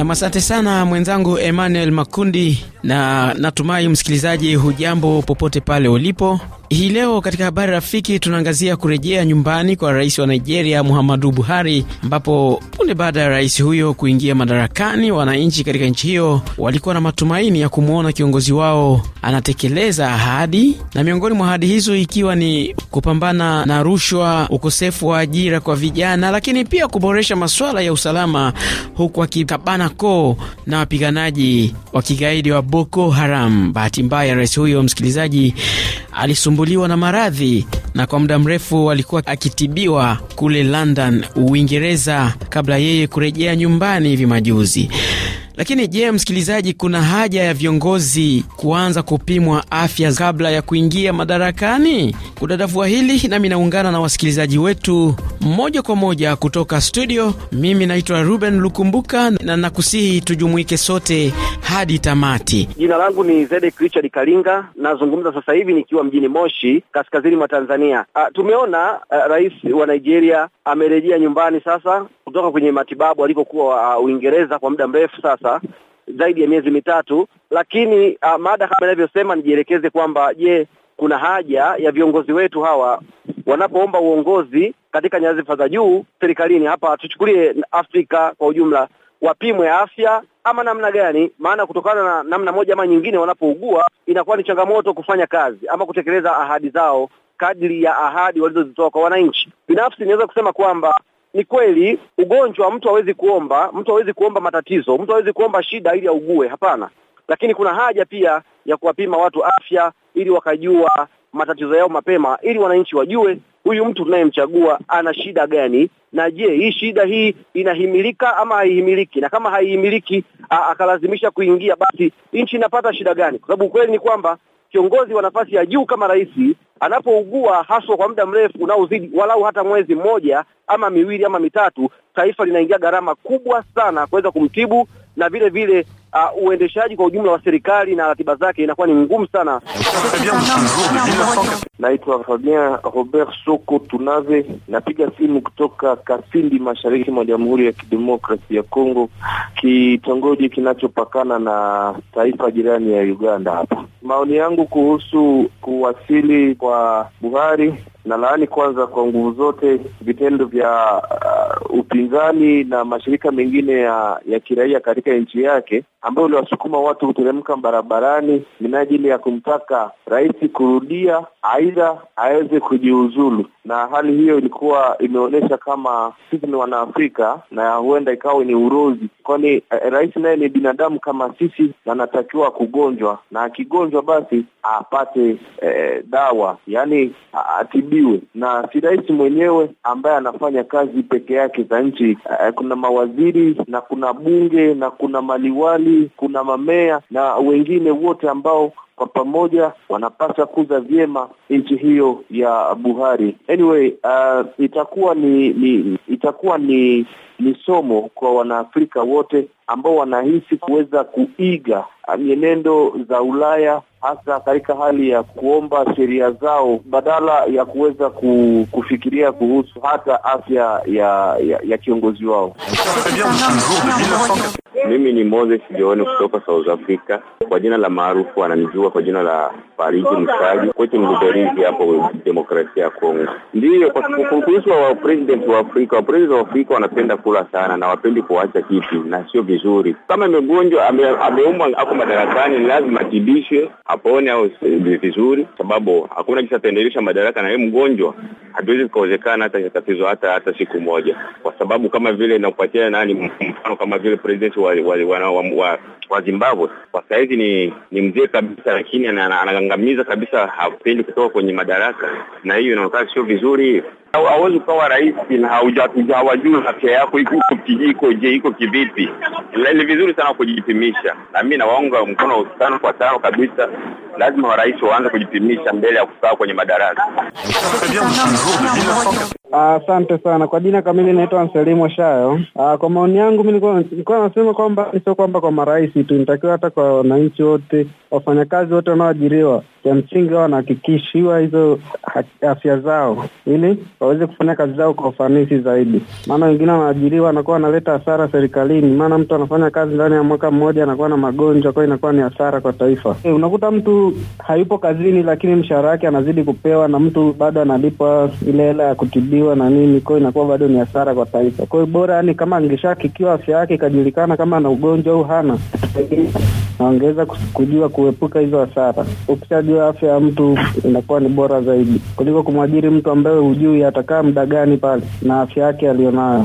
Nam, asante sana mwenzangu Emmanuel Makundi, na natumai msikilizaji hujambo popote pale ulipo. Hii leo katika habari rafiki tunaangazia kurejea nyumbani kwa rais wa Nigeria Muhammadu Buhari, ambapo punde baada ya rais huyo kuingia madarakani, wananchi katika nchi hiyo walikuwa na matumaini ya kumwona kiongozi wao anatekeleza ahadi, na miongoni mwa ahadi hizo ikiwa ni kupambana na rushwa, ukosefu wa ajira kwa vijana, lakini pia kuboresha masuala ya usalama, huku akikabana ko na wapiganaji wa kigaidi wa Boko Haram. Bahati mbaya, rais huyo msikilizaji, alisumbuliwa na maradhi na kwa muda mrefu alikuwa akitibiwa kule London, Uingereza, kabla yeye kurejea nyumbani hivi majuzi. Lakini je, msikilizaji, kuna haja ya viongozi kuanza kupimwa afya kabla ya kuingia madarakani? Kudadavua hili nami naungana na wasikilizaji wetu moja kwa moja kutoka studio. Mimi naitwa Ruben Lukumbuka na nakusihi tujumuike sote hadi tamati. Jina langu ni Zedek Richard Kalinga, nazungumza sasa hivi nikiwa mjini Moshi, kaskazini mwa Tanzania. A, ah, tumeona a, ah, rais wa Nigeria amerejea nyumbani sasa kutoka kwenye matibabu alivyokuwa uh, Uingereza kwa muda mrefu sasa zaidi ya miezi mitatu, lakini uh, mada kama inavyosema, nijielekeze kwamba je, kuna haja ya viongozi wetu hawa wanapoomba uongozi katika nyadhifa za juu serikalini, hapa tuchukulie Afrika kwa ujumla, wapimwe afya ama namna gani? Maana kutokana na namna moja ama nyingine, wanapougua inakuwa ni changamoto kufanya kazi ama kutekeleza ahadi zao kadri ya ahadi walizozitoa kwa wananchi. Binafsi inaweza kusema kwamba ni kweli ugonjwa, mtu hawezi kuomba, mtu hawezi kuomba matatizo, mtu hawezi kuomba shida ili augue, hapana. Lakini kuna haja pia ya kuwapima watu afya ili wakajua matatizo yao mapema, ili wananchi wajue huyu mtu tunayemchagua ana shida gani, na je, hii shida hii inahimilika ama haihimiliki, na kama haihimiliki akalazimisha kuingia, basi nchi inapata shida gani? Kwa sababu ukweli ni kwamba kiongozi wa nafasi ya juu kama rais anapougua haswa kwa muda mrefu unaozidi walau hata mwezi mmoja ama miwili ama mitatu, taifa linaingia gharama kubwa sana kuweza kumtibu na vile vile uh, uendeshaji kwa ujumla wa serikali na ratiba zake inakuwa ni ngumu sana. Naitwa Fabien Robert Soko Tunave, napiga simu kutoka Kasindi, mashariki mwa Jamhuri ya Kidemokrasi ya Kongo, kitongoji kinachopakana na taifa jirani ya Uganda. Hapa maoni yangu kuhusu kuwasili kwa Buhari na laani kwanza kwa nguvu zote vitendo vya upinzani na mashirika mengine ya, ya kiraia katika nchi yake ambayo uliwasukuma watu kuteremka barabarani minajili ya kumtaka rais kurudia, aidha aweze kujiuzulu na hali hiyo ilikuwa imeonyesha kama sisi ni Wanaafrika na huenda ikawa ni urozi, kwani eh, rais naye ni binadamu kama sisi na anatakiwa kugonjwa, na akigonjwa basi apate e, dawa, yani atibiwe, na si rais mwenyewe ambaye anafanya kazi peke yake za nchi. e, kuna mawaziri na kuna bunge na kuna maliwali, kuna mamea na wengine wote ambao kwa pamoja wanapasa kuza vyema nchi hiyo ya Buhari. Anyway, uh, itakuwa ni, ni itakuwa ni ni somo kwa Wanaafrika wote ambao wanahisi kuweza kuiga mienendo za Ulaya hasa katika hali ya kuomba sheria zao badala ya kuweza kufikiria kuhusu hata afya ya, ya, ya kiongozi wao mimi ni Moses Jooni kutoka South Africa. Kwa jina la maarufu ananijua kwa jina la Fariji Msali kwetu Mluberizi hapo demokrasia ya Kongo. Ndiyo, kuhusu wa president wa Afrika, wa president wa Afrika wanapenda kula sana na wapendi kuacha kiti, na sio vizuri. Kama mgonjwa ameumwa, ame ako madarakani, lazima atibishwe apone au vizuri, sababu hakuna kisa ataendelesha madaraka na yeye mgonjwa, hatuwezi kuwezekana hata tatizo hata hata siku moja, kwa sababu kama vile nakupatia nani mfano kama vile president wa wa Zimbabwe kwa saizi ni ni mzee kabisa, lakini anagangamiza kabisa, hapendi kutoka kwenye madaraka, na hiyo inaonekana sio vizuri. Hawezi ukawa rais na hawajui afya yako ikoje, iko kivipi. Ni vizuri sana kujipimisha, na mimi nawaunga mkono tano kwa tano kabisa. Lazima rais waanze kujipimisha mbele ya kukaa kwenye madaraka. Asante uh, sana kwa jina kamili naitwa Anselimo Shayo. Uh, kwa maoni yangu mi nilikuwa nasema kwamba sio kwamba kwa marais tu, nitakiwa hata kwa wananchi wote, wafanyakazi wote wanaoajiriwa, cha msingi wao wanahakikishiwa hizo afya zao, ili waweze kufanya kazi zao kwa ufanisi zaidi, maana wengine wanaajiriwa wanakuwa wanaleta hasara serikalini, maana mtu anafanya kazi ndani ya mwaka mmoja anakuwa na magonjwa, kwa inakuwa ni hasara kwa taifa. E, unakuta mtu hayupo kazini, lakini mshahara wake anazidi kupewa na mtu bado analipwa ile hela ya kutibia kuchukuliwa na nini, kwao, inakuwa bado ni hasara kwa taifa. Kwa hiyo bora yani, kama angeshakikiwa afya yake ikajulikana kama ana ugonjwa au hana, angeweza kujua kuepuka hizo hasara. Ukishajua afya ya mtu inakuwa ni bora zaidi kuliko kumwajiri mtu ambaye hujui atakaa muda gani pale na afya yake aliyonayo.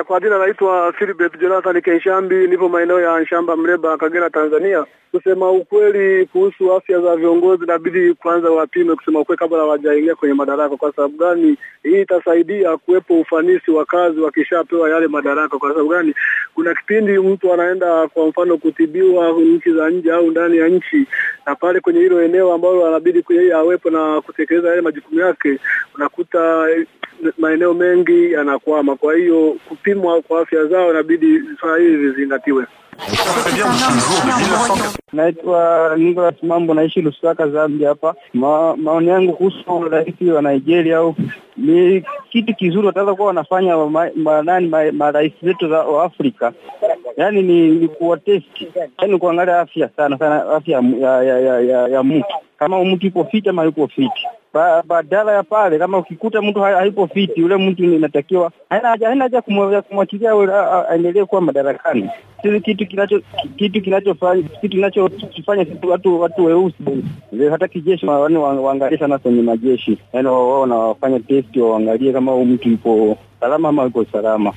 E, kwa jina naitwa Philbert Jonathan kenshambi nipo maeneo ya Nshamba, mreba Kagera, Tanzania. Kusema ukweli kuhusu afya za viongozi, inabidi kwanza wapime, kusema ukweli, kabla hawajaingia kwenye madaraka. Kwa sababu gani? Hii itasaidia kuwepo ufanisi wa kazi wakishapewa yale madaraka. Kwa sababu gani? Kuna kipindi mtu anaenda kwa mfano kutibiwa nchi za nje au ndani ya nchi, na pale kwenye hilo eneo ambalo anabidi yeye awepo na kutekeleza yale majukumu yake, unakuta maeneo mengi yanakwama. Kwa hiyo kupi kupimwa kwa afya zao, inabidi vifaa hivi vizingatiwe. Naitwa Nicholas Mambo, naishi Lusaka, Zambia. Hapa maoni yangu kuhusu rais wa Nigeria au ni kitu kizuri wataweza kuwa wanafanya nani marais wetu za Afrika, yaani ni, ni kuwatesti, yaani kuangalia afya sana sana afya ya, ya, ya, ya, ya mtu kama mtu yuko fiti ama yuko fiti badala ya pale, kama ukikuta mtu hayupo fiti, yule mtu inatakiwa haina haja kumwachilia aendelee kuwa madarakani. Sisi kitu kinacho kitu kinachofanya kitu kinachofanya watu watu weusi hata kijeshi, waangalie sana kwenye majeshi, yaani wao wanawafanya testi, waangalie kama huyu mtu yupo salama ama yuko salama.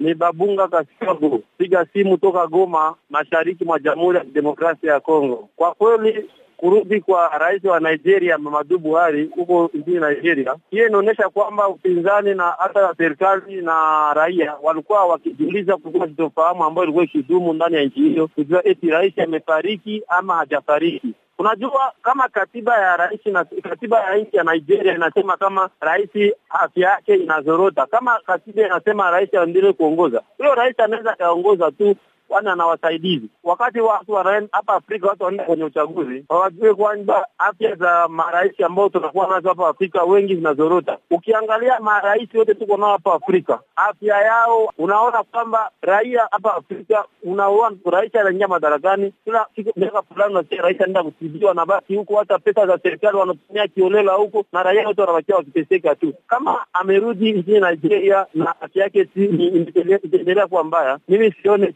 Ni Babunga kasabu piga simu toka Goma, mashariki mwa Jamhuri ya Kidemokrasia ya Kongo. Kwa kweli kurudi kwa rais wa Nigeria Muhammadu Buhari huko nchini Nigeria, hiyo inaonyesha kwamba upinzani na hata serikali na raia walikuwa wakijiuliza kuhusu sitofahamu ambayo ilikuwa ikidumu ndani ya nchi hiyo, kujua eti rais amefariki ama hajafariki. Unajua, kama katiba ya rais na katiba ya nchi ya Nigeria inasema kama rais afya yake inazorota, kama katiba inasema rais aendelee kuongoza, huyo rais anaweza akaongoza tu kwani ana wasaidizi. Wakati watu hapa Afrika watu wanaenda kwenye uchaguzi hawajui kwamba afya za marais ambao tunakuwa nazo hapa Afrika wengi zinazorota. Ukiangalia marais wote tuko nao hapa Afrika, afya yao unaona kwamba raia hapa Afrika, unaona rais anaingia madarakani kila siku miaka fulani, nasikia rais anaenda kutibiwa, na basi huko, hata pesa za serikali wanatumia kiolela huko, na raia wote wanabakia wakiteseka tu. Kama amerudi nchini Nigeria na afya yake si imeendelea kuwa mbaya, mimi sione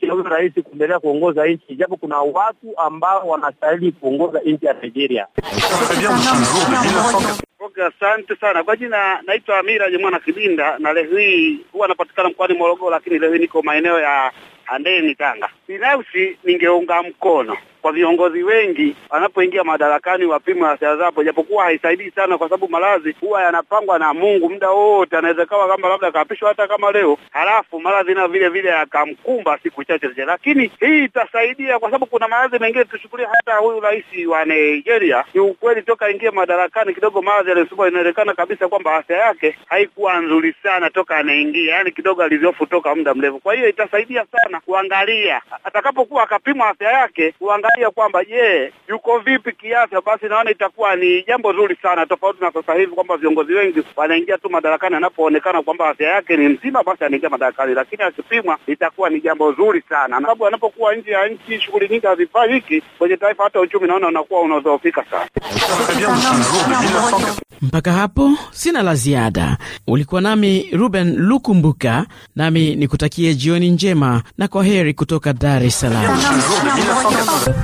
rais kuendelea kuongoza nchi, japo kuna watu ambao wanastahili kuongoza nchi ya Nigeria. asante sana kwa jina, naitwa Amira Jemwana Kibinda na leo hii huwa anapatikana mkoani Morogoro, lakini leo hii niko maeneo ya Handeni Tanga. Binafsi ningeunga mkono kwa viongozi wengi wanapoingia madarakani wapimwe afya zao, japokuwa haisaidii sana, kwa sababu maradhi huwa yanapangwa na Mungu muda wote. Anaweza kawa kama labda kaapishwa hata kama leo, halafu maradhi na vile vile akamkumba siku chache zile, lakini hii itasaidia kwa sababu kuna maradhi mengine. Tuchukulia hata huyu rais wa Nigeria, ni ukweli toka ingie madarakani kidogo maradhi alisumbua, inaonekana kabisa kwamba afya yake haikuwa nzuri sana toka anaingia, yani kidogo alizofutoka toka muda mrefu. Kwa hiyo itasaidia sana kuangalia atakapokuwa akapimwa afya yake kuangalia kuangalia kwamba je, yuko vipi kiafya, basi naona itakuwa ni jambo zuri sana, tofauti na sasa hivi kwamba viongozi wengi wanaingia tu madarakani, anapoonekana kwamba afya yake ni mzima, basi anaingia madarakani, lakini akipimwa itakuwa ni jambo zuri sana, na sababu anapokuwa nje ya nchi shughuli nyingi hazifanyiki kwenye taifa, hata uchumi naona unakuwa unadhoofika sana. Mpaka hapo sina la ziada. Ulikuwa nami Ruben Lukumbuka, nami nikutakie jioni njema na kwa heri kutoka Dar es Salaam.